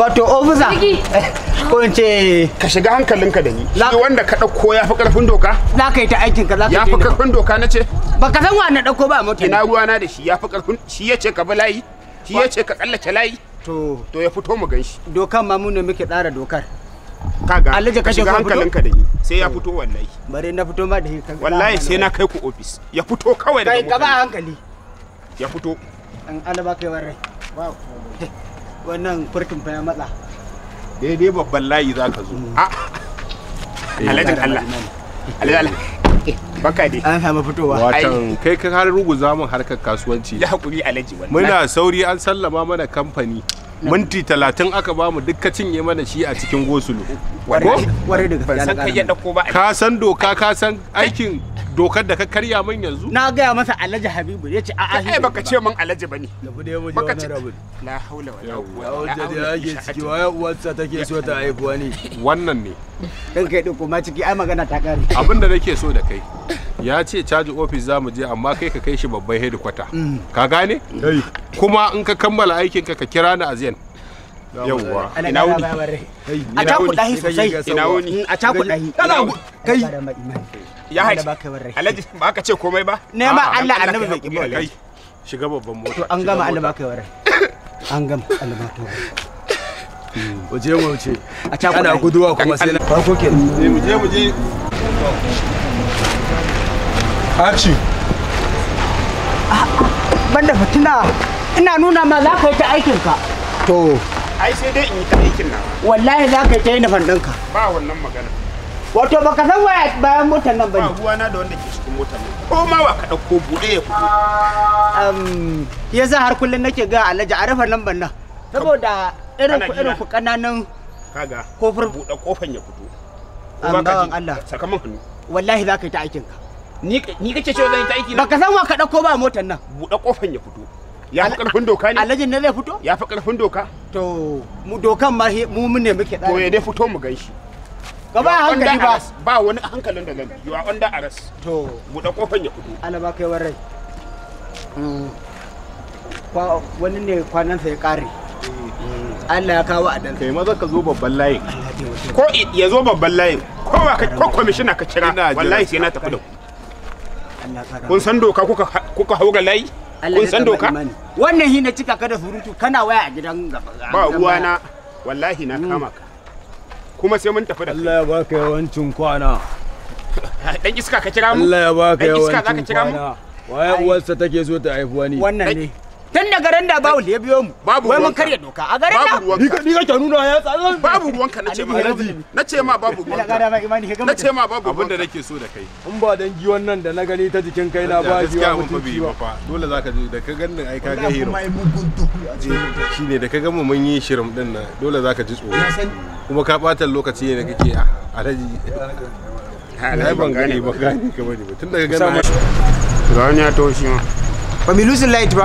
wato ofisa ko in ce ka shiga hankalinka da ni shi wanda ka dauko ya fi karfin doka za ka yi ta aikin ka za ka ya fi karfin doka na ce ba ka san wa na dauko ba mota ina ruwa na da shi ya fi karfin shi ya ce ka bi layi shi ya ce ka kallace layi to to ya fito mu ganshi dokan ma mu ne muke tsara dokar kaga alhaji ka shiga hankalinka da ni sai ya fito wallahi bare na fito ma da shi wallahi sai na kai ku office ya fito kawai da kai ba hankali ya fito an alaba kai warai wow wannan furkin fa ya matsa daidai babban layi za ka zo mm. ah. eh, alhajin allah alhajin baka dai an samu fitowa watan kai ka har ruguza mun harkar kasuwanci ya hakuri alaji wannan muna sauri an sallama mana kamfani minti talatin aka ba mu duk cin cinye mana shi a cikin gosulu ko ka san doka ka san aikin dokar da ka karya min yanzu na gaya masa alhaji habibu ya ce a a baka ce min alhaji bane baka ce la haula wala quwwata da yake ciki waya uwarsa take so ta haihuwa ne wannan ne dan kai din kuma ciki ai magana ta kare abinda nake so da kai ya ce caji ofis za mu je amma kai ka kai shi babban hedikwata mm. ka gane kuma in ka kammala aikin ka ka kira ni a zen yawwa ina wuni mm, a cakuɗahi sosai ina wuni a cakuɗahi kai ya haji alhaji ba ka ce komai ba nema allah annabi bai kibo kai shiga babban mota to an gama allah ba kai warai an gama allah ba kai mm. waje mu wuce a cakuɗa ana guduwa kuma sai na farko kenan eh, mu je mu je Aci. Banda fitina ina nuna ma za ka yi ta aikinka. To. Ai sai dai in yi ta aikin nan. Wallahi za ka yi ta yi nufan ɗinka. Ba wannan magana. Wato baka san waya bayan motar nan ba ne. Ba na da wanda ke cikin motar nan. Ko ma wa ka ɗauko buɗe ya fito. Um, ya sa har kullum nake ga Alhaji a rufe lambar nan. Saboda irin ku irin ku ƙananan. Kaga. Kofar. Buɗe kofan ya fito. An bawan Allah. Sakamakon. Wallahi za ka yi ta aikinka. ni kace cewa zan yi ta aiki na san wa ka dauko ba motar nan buɗe kofan ya fito ya fi karfin doka ne alhajin ne zai fito ya fi karfin doka to mu dokan ma mu mun ne muke da to ya dai fito mu ganshi ka ba hankali ba ba wani hankalin da nan you are under arrest to buɗe kofan ya fito ala ba kai warai mm. wani ne kwanan sai kare mm. Allah ya kawo a ɗansa. Kai maza ka zo babban layin. Ko ya zo babban layin. Ko ba ka commissioner ka kira wallahi sai na tafi da ku. kun san doka kuka hau ga layi kun san doka wannan hina cika ka da surutu kana waya a gidan ba uwa na wallahi na mm. kama ka kuma sai mun tafi da Allah ya baka yawancin kwana dan iska ka kira mu Allah ya baka yawancin kwana waye uwarsa take so ta haifi wani wannan ne tun da garin da bawul ya biyo mu babu wai mun karya doka a garin da ni ka ni ka nuna ya tsatsan babu ruwan ka nace ma nace ma babu ruwan na nace ma babu abin da nake so da kai in ba dan ji nan da na gani ta jikin kai na ba giwa mutunci ba fa dole zaka ji da ka ganni ai ka ga hero eh, shine da ka ga mu mun yi shirim din nan dole zaka ji tsoro kuma ka bata lokaci ne kake a ah, alhaji ha ban gane ba gane ka bane ba tun daga gana ga wani ya taho shi ma ba mi losing light ba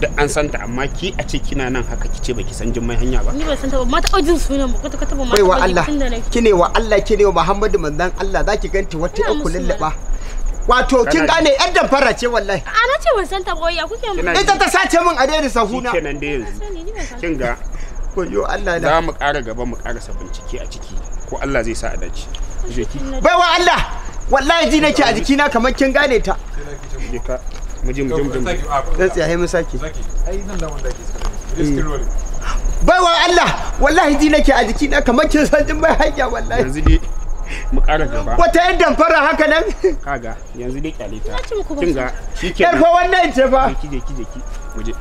duk an santa amma ki a ce kina nan haka ki ce baki san jimmai hanya ba ni ba san ta ba mata ajin jin sunan ba kwata kwata ba ma taɓa Allah kine wa Allah kine wa Muhammadu manzon Allah zaki ganti wata ɗan kulullaba wato kin gane yar dan fara ce wallahi a na ce ban san ta ba ya kuke mun ita ta sace min a daidai sahuna kenan dai yanzu kin ga ko yo Allah da za mu ƙara gaba mu ƙara sa ciki a ciki ko Allah zai sa a dace baiwa Allah wallahi ji nake a jikina kamar kin gane ta mu je mu je mu je dan ah, mun sake ai nan da wanda ke baiwa Allah wallahi ji nake a jiki na kamar kin san din bai haƙƙa wallahi yanzu dai mu ƙara gaba wata damfara haka nan kaga yanzu dai kyale ta kin ga shike yar wannan ce fa kije kije ki mu je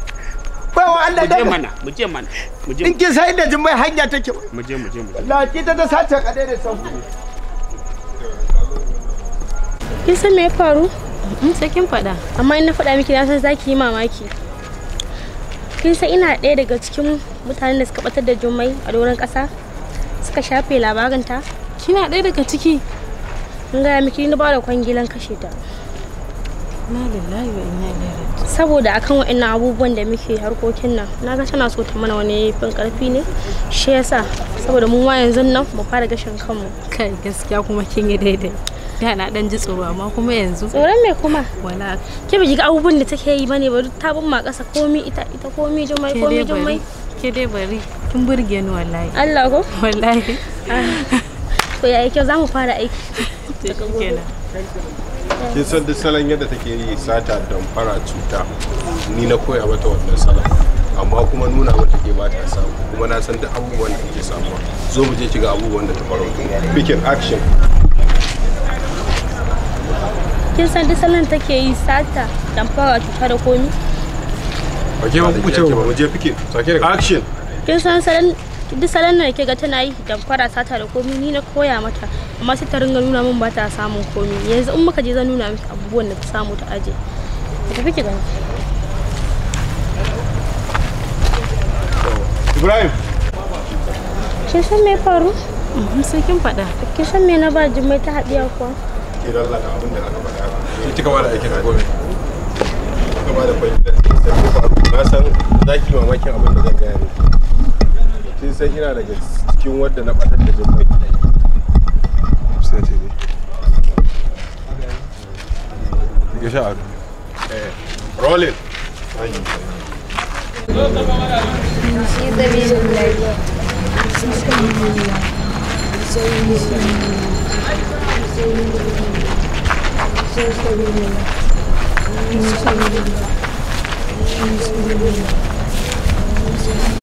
baiwa Allah da mana mu je mana mu je in kin san inda jin take mu je mu je mu je ta sace kadai da sauki kin san me ya faru in mm, sai kin faɗa amma in na faɗa miki na san zaki yi mamaki kin san ina ɗaya daga cikin mutanen da suka batar da jummai a doron ƙasa suka shafe labarinta kina ɗaya daga ciki in gaya miki ni ba da kwangilan kashe ta saboda akan wa'annan abubuwan da muke harkokin nan na ga tana so ta mana wani fin karfi ne shi yasa saboda mun wa yanzu nan mu fara gashin kanmu kai gaskiya kuma kin yi daidai da na dan ji tsoro amma kuma yanzu tsoron me kuma wala ke biji ga abubun da take yi bane bari ta bin ma kasa komi ita ita komi jummai komi jummai ke dai bari kin burge ni wallahi Allah ko wallahi ko ah. yayi kyau zamu fara aiki kin san da salon yadda take yi sata don fara cuta ni na koya mata wannan salon amma kuma nuna mata ke ba ta samu kuma na san duk abubuwan da take samu zo mu je ga abubuwan da ta faro bikin action kin san duk sallan take yi sata damfara ta fara komi Ake ba kuce ba mu je fike sake da action kin san sallan duk sallan nan ke ga tana yi fara sata da komi ni na koya mata amma sai ta ringa nuna min ba ta samun komi yanzu in muka je zan nuna miki abubuwan da ta samu ta aje ta fike gani Ibrahim kin san me faru? Mhm, sai kin faɗa. Kin san me na ba jimai ta haɗiya kuwa? ke lallaka abin da aka faɗa shi kika ba da aikin gobe kika ba da kwangilar sai ko faru na san za ki mamakin abin da zan gaya ne kin san ina daga cikin wadda na ɓatar da jin mai sai ce ne ya sha abu eh rolling She's 수 있는 것입니다. 수고하셨습니다. 수고하셨습니다. 수고하셨습니다.